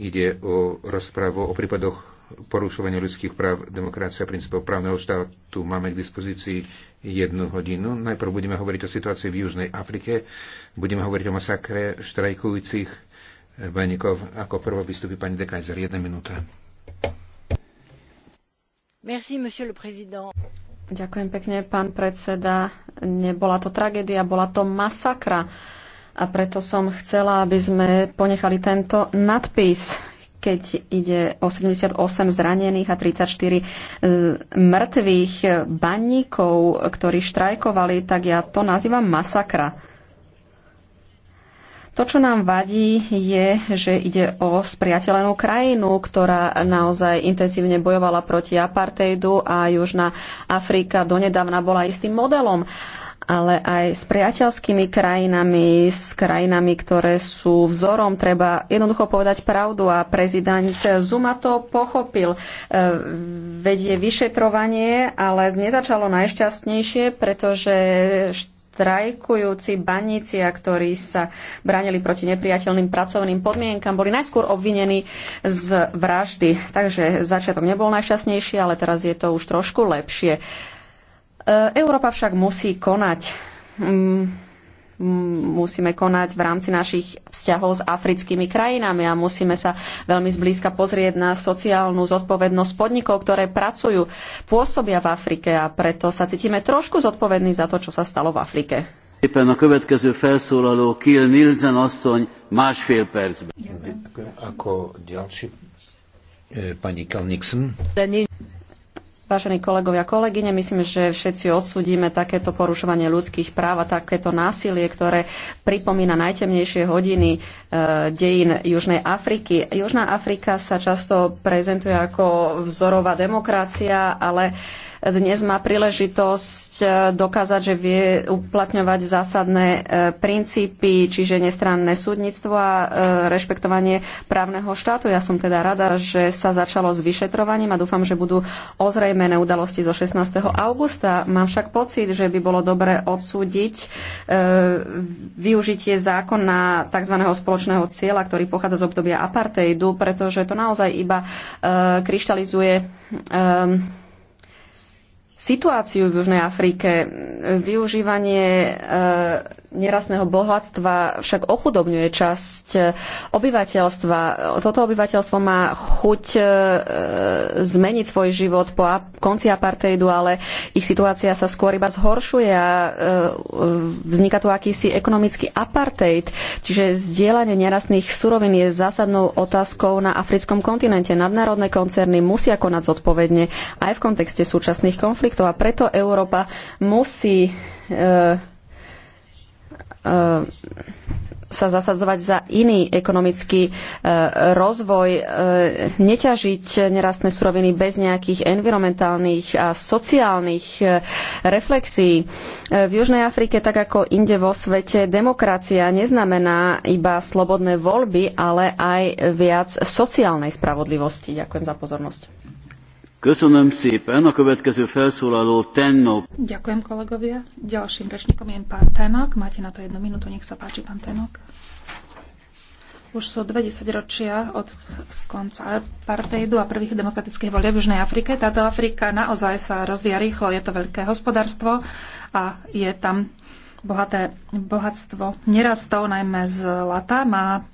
Ide o rozprávu o prípadoch porušovania ľudských práv, demokracia a princípov právneho štátu. Máme k dispozícii jednu hodinu. Najprv budeme hovoriť o situácii v Južnej Afrike. Budeme hovoriť o masakre štrajkujúcich vojníkov. Ako prvo vystupí pani Dekajzer. Jedna minúta. Merci, monsieur le président. Ďakujem pekne, pán predseda. Nebola to tragédia, bola to masakra. A preto som chcela, aby sme ponechali tento nadpis, keď ide o 78 zranených a 34 e, mŕtvych baníkov, ktorí štrajkovali, tak ja to nazývam masakra. To, čo nám vadí, je, že ide o spriateľenú krajinu, ktorá naozaj intenzívne bojovala proti apartheidu a Južná Afrika donedávna bola istým modelom ale aj s priateľskými krajinami, s krajinami, ktoré sú vzorom. Treba jednoducho povedať pravdu a prezident Zuma to pochopil. E, vedie vyšetrovanie, ale nezačalo najšťastnejšie, pretože štrajkujúci banícia, ktorí sa bránili proti nepriateľným pracovným podmienkam, boli najskôr obvinení z vraždy. Takže začiatok nebol najšťastnejší, ale teraz je to už trošku lepšie. E, Európa však musí konať. Mm, mm, musíme konať v rámci našich vzťahov s africkými krajinami a musíme sa veľmi zblízka pozrieť na sociálnu zodpovednosť podnikov, ktoré pracujú, pôsobia v Afrike a preto sa cítime trošku zodpovední za to, čo sa stalo v Afrike. a Ako ďalší e, pani Vážení kolegovia, kolegyne, myslím, že všetci odsudíme takéto porušovanie ľudských práv a takéto násilie, ktoré pripomína najtemnejšie hodiny e, dejín Južnej Afriky. Južná Afrika sa často prezentuje ako vzorová demokracia, ale dnes má príležitosť e, dokázať, že vie uplatňovať zásadné e, princípy, čiže nestranné súdnictvo a e, rešpektovanie právneho štátu. Ja som teda rada, že sa začalo s vyšetrovaním a dúfam, že budú ozrejmené udalosti zo 16. augusta. Mám však pocit, že by bolo dobre odsúdiť využitie zákona tzv. spoločného cieľa, ktorý pochádza z obdobia apartheidu, pretože to naozaj iba kryštalizuje situáciu v Južnej Afrike. Využívanie e, nerastného bohatstva však ochudobňuje časť obyvateľstva. Toto obyvateľstvo má chuť e, zmeniť svoj život po konci apartheidu, ale ich situácia sa skôr iba zhoršuje a e, vzniká tu akýsi ekonomický apartheid. Čiže zdieľanie nerastných surovín je zásadnou otázkou na africkom kontinente. Nadnárodné koncerny musia konať zodpovedne aj v kontexte súčasných konfliktov konfliktov a preto Európa musí e, e, sa zasadzovať za iný ekonomický e, rozvoj, neťažiť nerastné suroviny bez nejakých environmentálnych a sociálnych reflexí. v Južnej Afrike, tak ako inde vo svete, demokracia neznamená iba slobodné voľby, ale aj viac sociálnej spravodlivosti. Ďakujem za pozornosť. Köszönöm szépen. A következő felszólaló Ďakujem kolegovia. Ďalším rečníkom je pán Tenok. Máte na to jednu minútu. Nech sa páči, pán Tenok. Už sú 20 ročia od konca apartheidu a prvých demokratických volieb v Južnej Afrike. Táto Afrika naozaj sa rozvíja rýchlo. Je to veľké hospodárstvo a je tam bohaté bohatstvo nerastov, najmä z lata. Má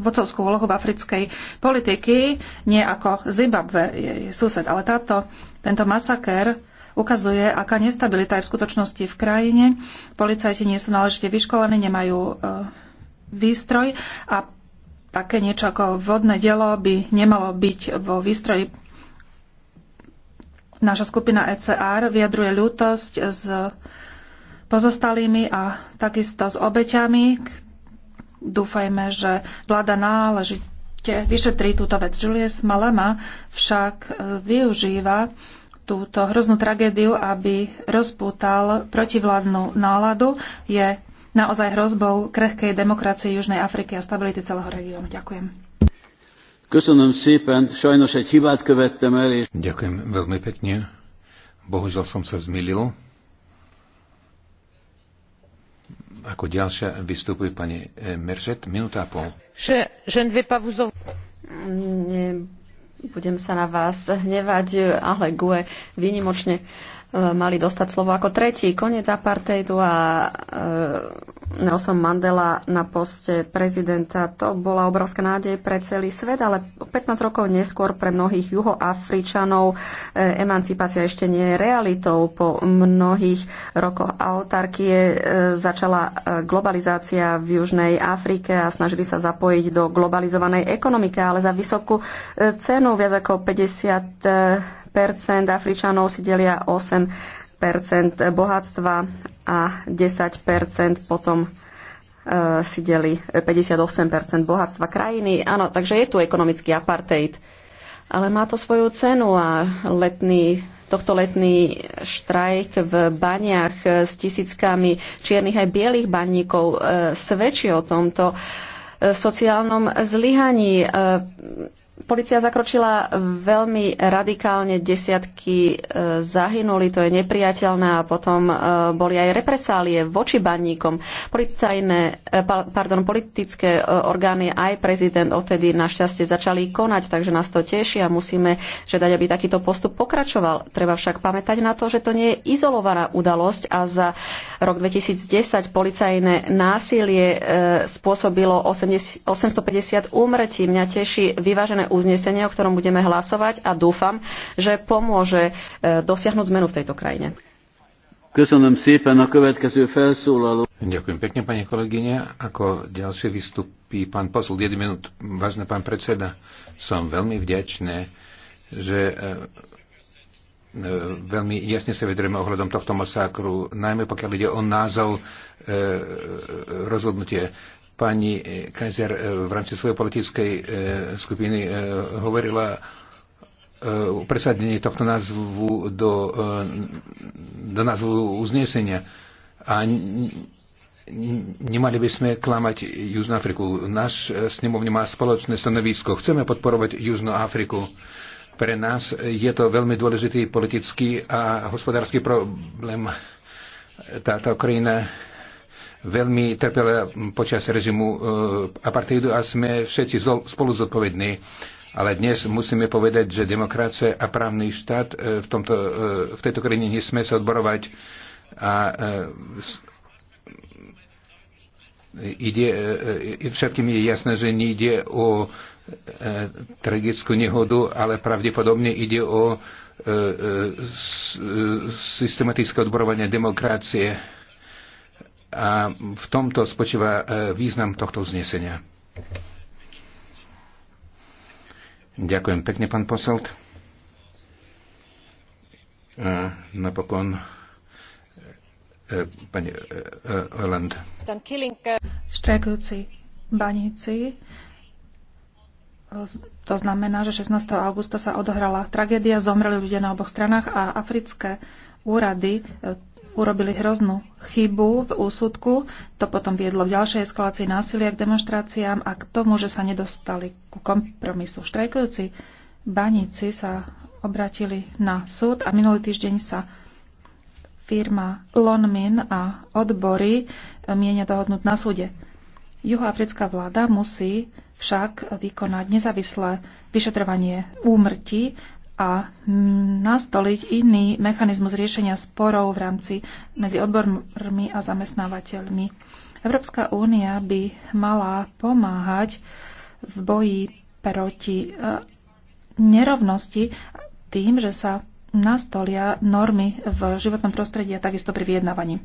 vodcovskú úlohu v africkej politiky, nie ako Zimbabwe, jej sused. Ale táto, tento masaker ukazuje, aká nestabilita je v skutočnosti v krajine. Policajti nie sú náležite vyškolení, nemajú e, výstroj a také niečo ako vodné dielo by nemalo byť vo výstroji. Naša skupina ECR vyjadruje ľútosť z pozostalými a takisto s obeťami, Dúfajme, že vláda náležite vyšetrí túto vec. Julius Malema však e, využíva túto hroznú tragédiu, aby rozpútal protivládnu náladu, je naozaj hrozbou krehkej demokracie Južnej Afriky a stability celého regiónu. Ďakujem. Ďakujem veľmi pekne. Bohužiaľ som sa zmýlil. Ako ďalšia vystupuje pani eh, Meržet, minúta a pol. Že, že ne vais pas vous... Nebudem sa na vás hnevať, ale Gue výnimočne Uh, mali dostať slovo ako tretí. Koniec apartheidu a e, Nelson Mandela na poste prezidenta. To bola obrovská nádej pre celý svet, ale 15 rokov neskôr pre mnohých juhoafričanov e, emancipácia ešte nie je realitou. Po mnohých rokoch autarkie e, začala globalizácia v Južnej Afrike a snažili sa zapojiť do globalizovanej ekonomiky, ale za vysokú cenu viac ako 50 percent Afričanov si delia 8 bohatstva a 10 potom e, si delí 58 e, bohatstva krajiny. Áno, takže je tu ekonomický apartheid. Ale má to svoju cenu a letný, tohto letný štrajk v baniach s tisíckami čiernych aj bielých baníkov e, svedčí o tomto sociálnom zlyhaní. Polícia zakročila veľmi radikálne, desiatky e, zahynuli, to je nepriateľné a potom e, boli aj represálie voči baníkom. Policajné, e, pardon, politické orgány aj prezident odtedy našťastie začali konať, takže nás to teší a musíme žiadať, aby takýto postup pokračoval. Treba však pamätať na to, že to nie je izolovaná udalosť a za rok 2010 policajné násilie spôsobilo 80, 850 úmrtí. Mňa teší vyvážené uznesenie, o ktorom budeme hlasovať a dúfam, že pomôže e, dosiahnuť zmenu v tejto krajine. Ďakujem pekne, pani kolegyne. Ako ďalšie vystupí pán posol, 1 minút. Vážne pán predseda, som veľmi vďačný, že e, e, veľmi jasne sa vedrieme ohľadom tohto masákru, najmä pokiaľ ide o názov e, rozhodnutie. Pani e, Kaiser e, v rámci svojej politickej e, skupiny hovorila o presadení tohto názvu do, do názvu uznesenia. A nemali by sme klamať Južnú Afriku. Náš snemovne má spoločné stanovisko. Chceme podporovať Južnú Afriku. Pre nás je to veľmi dôležitý politický a hospodársky problém. Táto krajina veľmi trpela počas režimu e, apartheidu a sme všetci spolu zodpovední. Ale dnes musíme povedať, že demokracia a právny štát e, v, tomto, e, v tejto krajine nesme sa odborovať a ide, všetkým je jasné, že nejde o tragickú nehodu, ale pravdepodobne ide o systematické odborovanie demokracie a v tomto spočíva e, význam tohto uznesenia. Ďakujem pekne, pán Poselt. A napokon e, e, pani Oland. Štrajkujúci baníci. To znamená, že 16. augusta sa odohrala tragédia, zomreli ľudia na oboch stranách a africké úrady urobili hroznú chybu v úsudku. To potom viedlo k ďalšej eskalácii násilia, k demonstráciám a k tomu, že sa nedostali ku kompromisu. Štrajkujúci baníci sa obratili na súd a minulý týždeň sa firma Lonmin a odbory mienia dohodnúť na súde. Juhoafrická vláda musí však vykonať nezávislé vyšetrovanie úmrtí a nastoliť iný mechanizmus riešenia sporov v rámci medzi odbormi a zamestnávateľmi. Európska únia by mala pomáhať v boji proti e, nerovnosti tým, že sa nastolia normy v životnom prostredí a takisto pri vyjednávaní.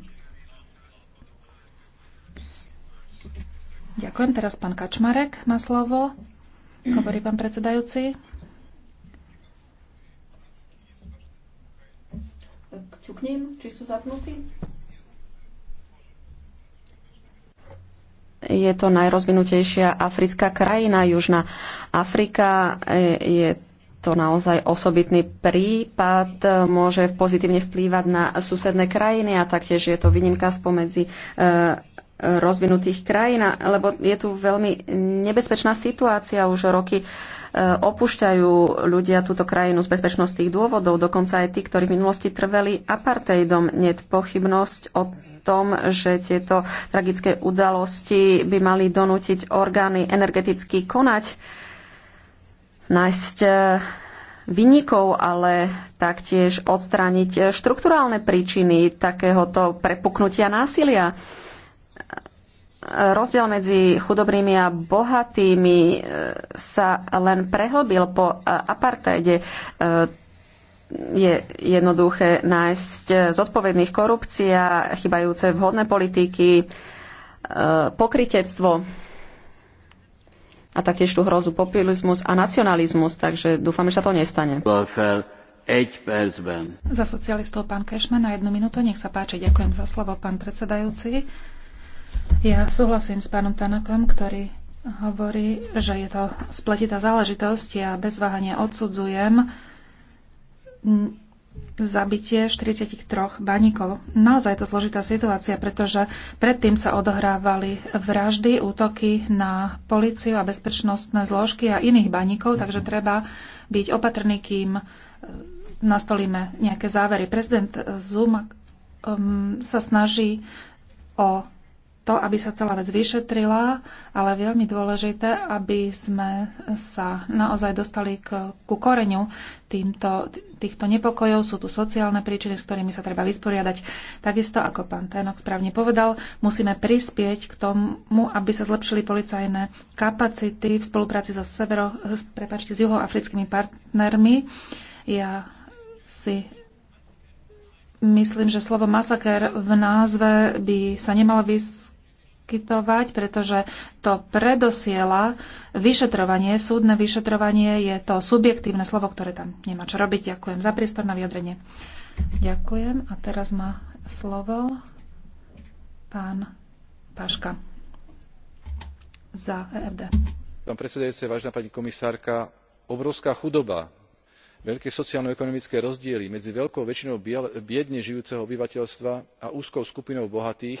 Ďakujem. Teraz pán Kačmarek má slovo. Hovorí pán predsedajúci. Ťuknem, či sú zapnutí? Je to najrozvinutejšia africká krajina, Južná Afrika. E, je to naozaj osobitný prípad, môže pozitívne vplývať na susedné krajiny a taktiež je to výnimka spomedzi e, rozvinutých krajín, lebo je tu veľmi nebezpečná situácia už roky E, opúšťajú ľudia túto krajinu z bezpečnostných dôvodov, dokonca aj tí, ktorí v minulosti trveli apartheidom. Net pochybnosť o tom, že tieto tragické udalosti by mali donútiť orgány energeticky konať, nájsť e, vynikov, ale taktiež odstrániť štruktúrálne príčiny takéhoto prepuknutia násilia rozdiel medzi chudobnými a bohatými e, sa len prehlbil po e, apartheide. E, je jednoduché nájsť zodpovedných korupcia, chybajúce vhodné politiky, pokritectvo a taktiež tú hrozu populizmus a nacionalizmus, takže dúfam, že sa to nestane. Za socialistov pán Kešman na jednu minútu, nech sa páči, ďakujem za slovo, pán predsedajúci. Ja súhlasím s pánom Tanakom, ktorý hovorí, že je to spletitá záležitosť. Ja bez váhania odsudzujem zabitie 43 baníkov. Naozaj je to zložitá situácia, pretože predtým sa odohrávali vraždy, útoky na policiu a bezpečnostné zložky a iných baníkov, takže treba byť opatrný, kým e, nastolíme nejaké závery. Prezident Zuma um, sa snaží o to, aby sa celá vec vyšetrila, ale veľmi dôležité, aby sme sa naozaj dostali k, ku koreňu týmto, týchto nepokojov. Sú tu sociálne príčiny, s ktorými sa treba vysporiadať. Takisto, ako pán Tenok správne povedal, musíme prispieť k tomu, aby sa zlepšili policajné kapacity v spolupráci so severo, prepáčte, s juhoafrickými partnermi. Ja si myslím, že slovo masaker v názve by sa nemalo vys- poskytovať, pretože to predosiela vyšetrovanie, súdne vyšetrovanie, je to subjektívne slovo, ktoré tam nemá čo robiť. Ďakujem za priestor na vyjadrenie. Ďakujem. A teraz má slovo pán Paška za EFD. Pán predsedajúce, vážna pani komisárka, obrovská chudoba, veľké sociálno ekonomické rozdiely medzi veľkou väčšinou biedne žijúceho obyvateľstva a úzkou skupinou bohatých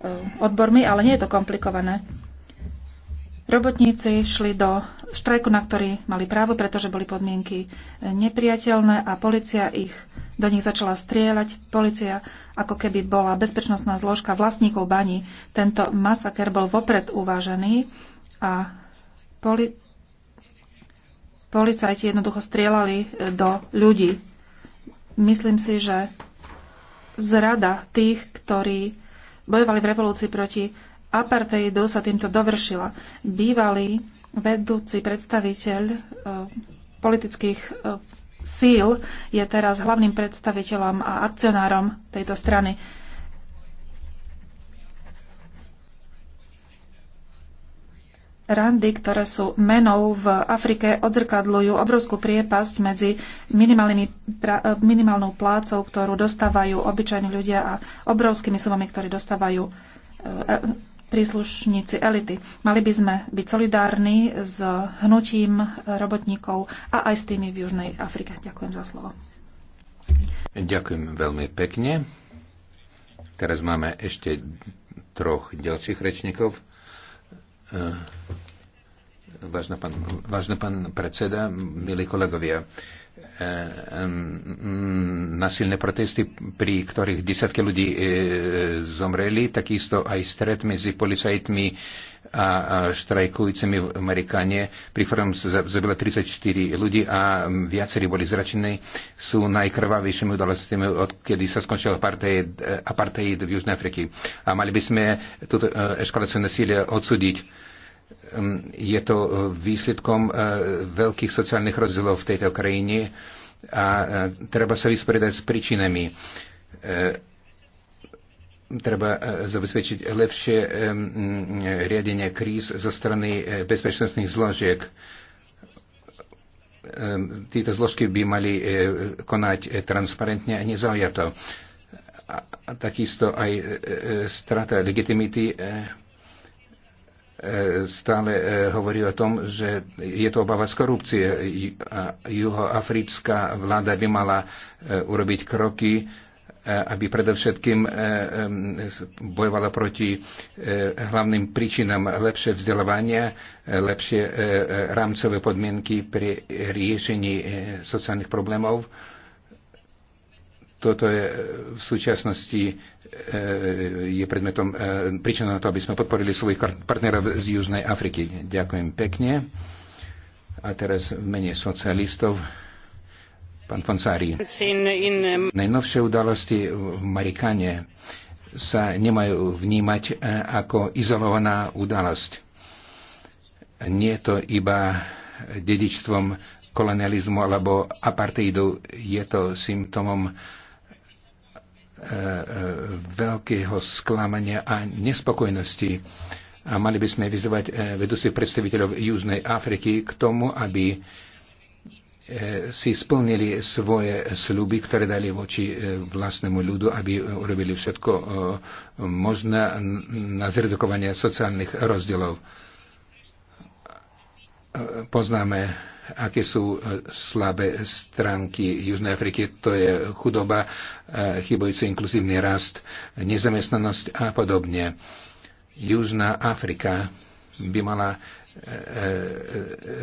E, odbormi, ale nie je to komplikované. Robotníci šli do štrajku, na ktorý mali právo, pretože boli podmienky nepriateľné a policia ich do nich začala strieľať. Polícia ako keby bola bezpečnostná zložka vlastníkov baní. Tento masaker bol vopred uvážený a poli- policajti jednoducho strieľali e, do ľudí. Myslím si, že zrada tých, ktorí bojovali v revolúcii proti apartheidu, sa týmto dovršila. Bývalý vedúci predstaviteľ e, politických e, síl je teraz hlavným predstaviteľom a akcionárom tejto strany. randy, ktoré sú menou v Afrike, odzrkadľujú obrovskú priepasť medzi eh, minimálnou plácou, ktorú dostávajú obyčajní ľudia a obrovskými sumami, ktoré dostávajú eh, eh, príslušníci elity. Mali by sme byť solidárni s hnutím robotníkov a aj s tými v Južnej Afrike. Ďakujem za slovo. Ďakujem veľmi pekne. Teraz máme ešte troch ďalších rečníkov. Eh, vážna pán, vážna pán predseda, milí kolegovia, eh, mm, nasilné protesty, pri ktorých desiatky ľudí eh, zomreli, takisto aj stret medzi policajtmi a štrajkujúcimi v Amerikáne, pri ktorom sa zabilo 34 ľudí a viacerí boli zračení, sú najkrvavejšími udalostiami, odkedy sa skončil apartheid, apartheid v Južnej Afrike. A mali by sme túto e, eskaláciu nasilia odsúdiť je to výsledkom e, veľkých sociálnych rozdielov v tejto krajine a e, treba sa vysporiadať s príčinami treba e, zabezpečiť lepšie e, riadenie kríz zo strany e, bezpečnostných zložiek. Títo zložky by mali konať transparentne a nezaujato. A takisto aj strata legitimity stále hovorí o tom, že je to obava z korupcie. Juhoafrická vláda by mala urobiť kroky, Eh, aby predovšetkým eh, bojovala proti eh, hlavným príčinám lepšie vzdelávania, lepšie rámcové podmienky pri riešení sociálnych problémov. Toto je v súčasnosti je predmetom príčinou na to, aby sme podporili svojich partnerov z Južnej Afriky. Ďakujem pekne. A teraz v mene socialistov Pán Fonsári, um, najnovšie udalosti v Marikane sa nemajú vnímať eh, ako izolovaná udalosť. Nie je to iba dedičstvom kolonializmu alebo apartheidu, je to symptomom eh, eh, veľkého sklamania a nespokojnosti. A mali by sme vyzvať vedúcich predstaviteľov Južnej Afriky k tomu, aby si splnili svoje sluby, ktoré dali voči e, vlastnému ľudu, aby urobili všetko e, možné na zredukovanie sociálnych rozdielov. E, poznáme, aké sú slabé stránky Južnej Afriky. To je chudoba, chybujúci inkluzívny rast, nezamestnanosť a podobne. Južná Afrika by mala E, e, e,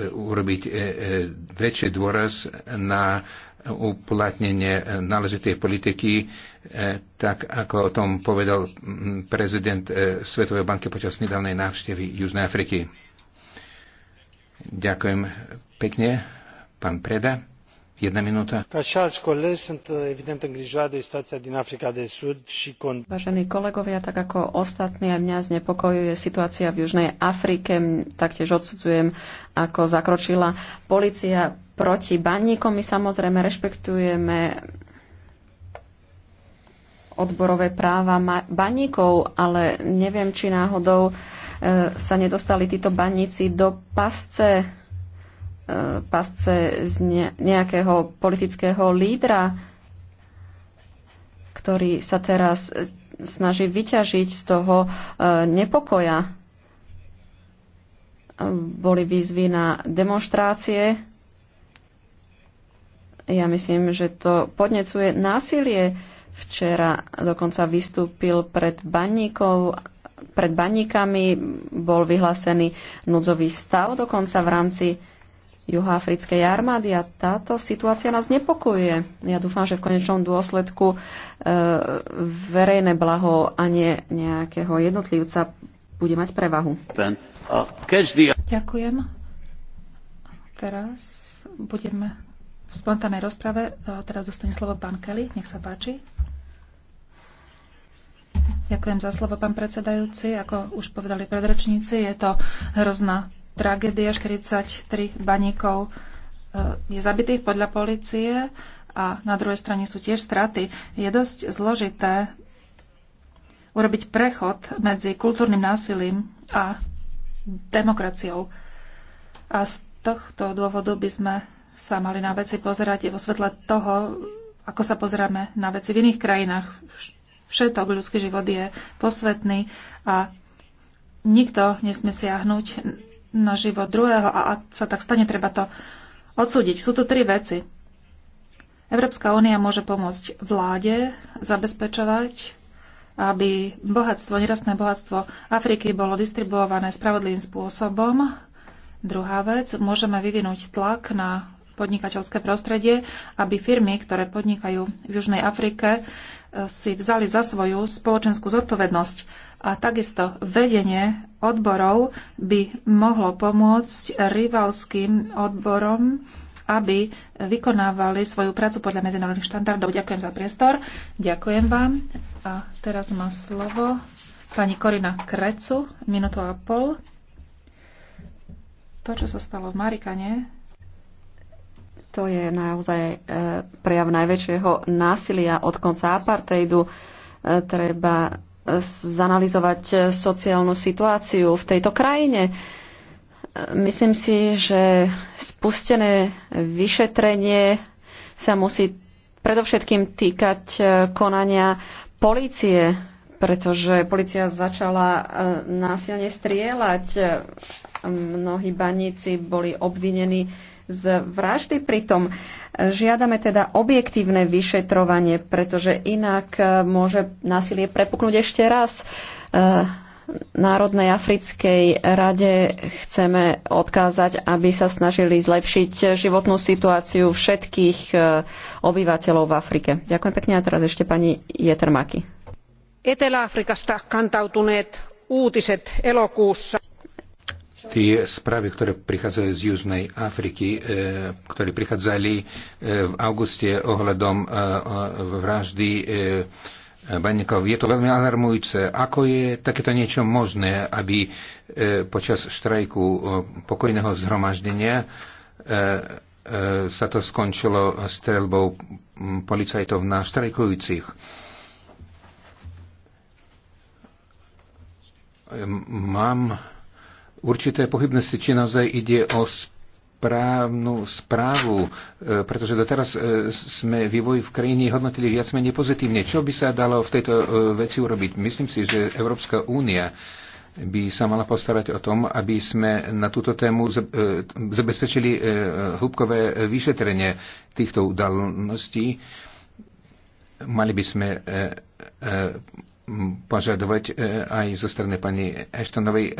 urobiť väčší dôraz na uplatnenie náležitej politiky, tak ako o tom povedal prezident Svetovej banky počas nedávnej návštevy Južnej Afriky. Ďakujem pekne, pán Preda. Uh, Vážení kolegovia, tak ako ostatní, aj mňa znepokojuje situácia v Južnej Afrike. Taktiež odsudzujem, ako zakročila policia proti banníkom. My samozrejme rešpektujeme odborové práva baníkov, ale neviem, či náhodou eh, sa nedostali títo baníci do pasce pasce z nejakého politického lídra, ktorý sa teraz snaží vyťažiť z toho e, nepokoja. Boli výzvy na demonstrácie. Ja myslím, že to podnecuje násilie. Včera dokonca vystúpil pred baníkov pred baníkami bol vyhlásený núdzový stav dokonca v rámci juhoafrickej armády a táto situácia nás nepokojuje. Ja dúfam, že v konečnom dôsledku e, verejné blaho a nie nejakého jednotlivca bude mať prevahu. Ďakujem. Teraz budeme v spontánnej rozprave. Teraz dostane slovo pán Kelly. Nech sa páči. Ďakujem za slovo, pán predsedajúci. Ako už povedali predrečníci, je to hrozná tragédia 43 baníkov e, je zabitých podľa policie a na druhej strane sú tiež straty. Je dosť zložité urobiť prechod medzi kultúrnym násilím a demokraciou. A z tohto dôvodu by sme sa mali na veci pozerať vo svetle toho, ako sa pozeráme na veci v iných krajinách. Všetok ľudský život je posvetný a nikto nesmie siahnuť na život druhého a ak sa tak stane, treba to odsúdiť. Sú tu tri veci. Európska únia môže pomôcť vláde zabezpečovať, aby bohatstvo, nerastné bohatstvo Afriky bolo distribuované spravodlivým spôsobom. Druhá vec, môžeme vyvinúť tlak na podnikateľské prostredie, aby firmy, ktoré podnikajú v Južnej Afrike, si vzali za svoju spoločenskú zodpovednosť a takisto vedenie odborov by mohlo pomôcť rivalským odborom, aby vykonávali svoju prácu podľa medzinárodných štandardov. Ďakujem za priestor. Ďakujem vám. A teraz má slovo pani Korina Krecu, minútu a pol. To, čo sa stalo v Marikane, to je naozaj e, prejav najväčšieho násilia od konca apartheidu. E, treba zanalizovať e, sociálnu situáciu v tejto krajine. Myslím si, že spustené vyšetrenie sa musí predovšetkým týkať e, konania polície, pretože policia začala e, násilne strieľať. Mnohí baníci boli obvinení z vraždy. Pritom e, žiadame teda objektívne vyšetrovanie, pretože inak e, môže násilie prepuknúť ešte raz. E, Národnej africkej rade chceme odkázať, aby sa snažili zlepšiť životnú situáciu všetkých obyvateľov v Afrike. Ďakujem pekne a teraz ešte pani Jetermaki. Etelä-Afrikasta kantautuneet uutiset elokuussa tie správy, ktoré prichádzajú z Južnej Afriky, e, ktoré prichádzali e, v auguste ohľadom e, vraždy baníkov. Je to veľmi alarmujúce. Ako je takéto niečo možné, aby počas štrajku pokojného zhromaždenia sa to skončilo streľbou policajtov na štrajkujúcich? Mám určité pochybnosti, či naozaj ide o správnu správu, e, pretože doteraz e, sme vývoj v krajine hodnotili viac menej pozitívne. Čo by sa dalo v tejto e, veci urobiť? Myslím si, že Európska únia by sa mala postarať o tom, aby sme na túto tému zabezpečili hĺbkové vyšetrenie týchto udalností. Mali by sme požadovať e, aj zo strany pani Eštanovej.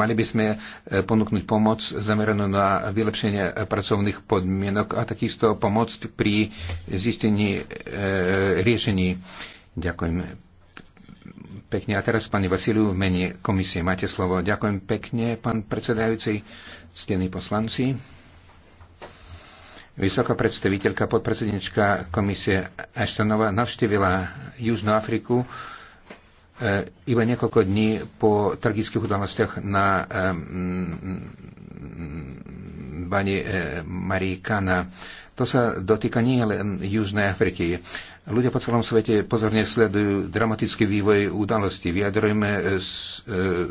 Mali by sme e, ponúknuť pomoc zameranú na vylepšenie pracovných podmienok a takisto pomoc pri zistení e, riešení. Ďakujem pekne. A teraz pani Vasiliu v mene komisie. Máte slovo. Ďakujem pekne, pán predsedajúci, ctení poslanci. Vysoká predstaviteľka podpredsednička komisie Ashtonova navštívila Južnú Afriku e, iba niekoľko dní po tragických udalostiach na bani e, Kana. To sa dotýka nie len Južnej Afriky. Ľudia po celom svete pozorne sledujú dramatický vývoj udalostí. Vyjadrujeme e,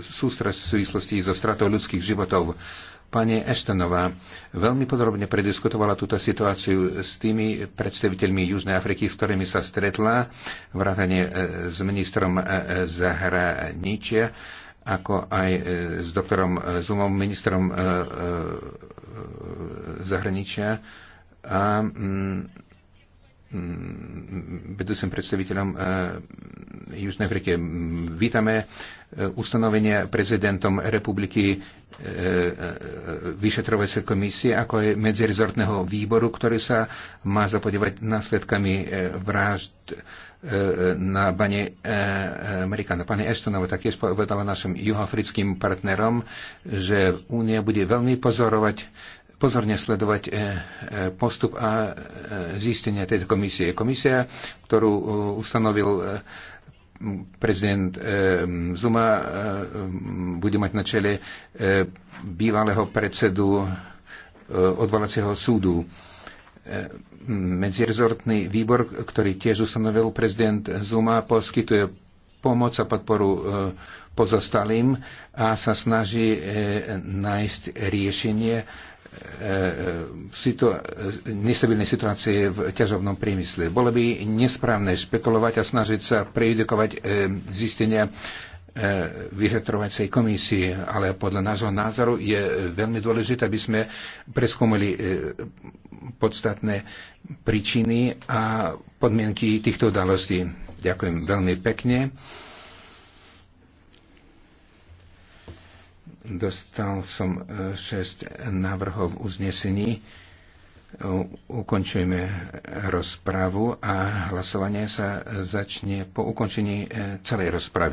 sústrasť v súvislosti so stratou ľudských životov. Pani Estonová veľmi podrobne prediskutovala túto situáciu s tými predstaviteľmi Južnej Afriky, s ktorými sa stretla, vrátane e, s ministrom e, zahraničia, ako aj e, s doktorom Zumom, ministrom zahraničia a mm, mm, mm, vedúcim predstaviteľom Južnej Afriky. Vítame ustanovenia prezidentom republiky e, e, e, vyšetrovacej komisie, ako aj medzirezortného výboru, ktorý sa má zapodívať následkami vražd na bane Amerikána. Pani Estonova taktiež povedala našim juhoafrickým partnerom, že Únia bude veľmi pozorovať pozorne sledovať postup a zistenia tejto komisie. Komisia, ktorú ustanovil prezident eh, Zuma eh, bude mať na čele eh, bývalého predsedu odvolacieho súdu. Medzirezortný výbor, ktorý tiež ustanovil prezident Zuma, poskytuje pomoc a podporu pozostalým a sa snaží nájsť riešenie E, e, situ- nestabilnej situácie v ťažovnom priemysle. Bolo by nesprávne špekulovať a snažiť sa prejudikovať e, zistenia vyšetrovacej komisie, ale podľa nášho názoru je veľmi dôležité, aby sme preskúmali podstatné príčiny a podmienky týchto udalostí. Ďakujem veľmi pekne. Dostal som 6 e, návrhov uznesení. Ukončujeme rozpravu a hlasovanie sa e, začne po ukončení e, celej rozpravy.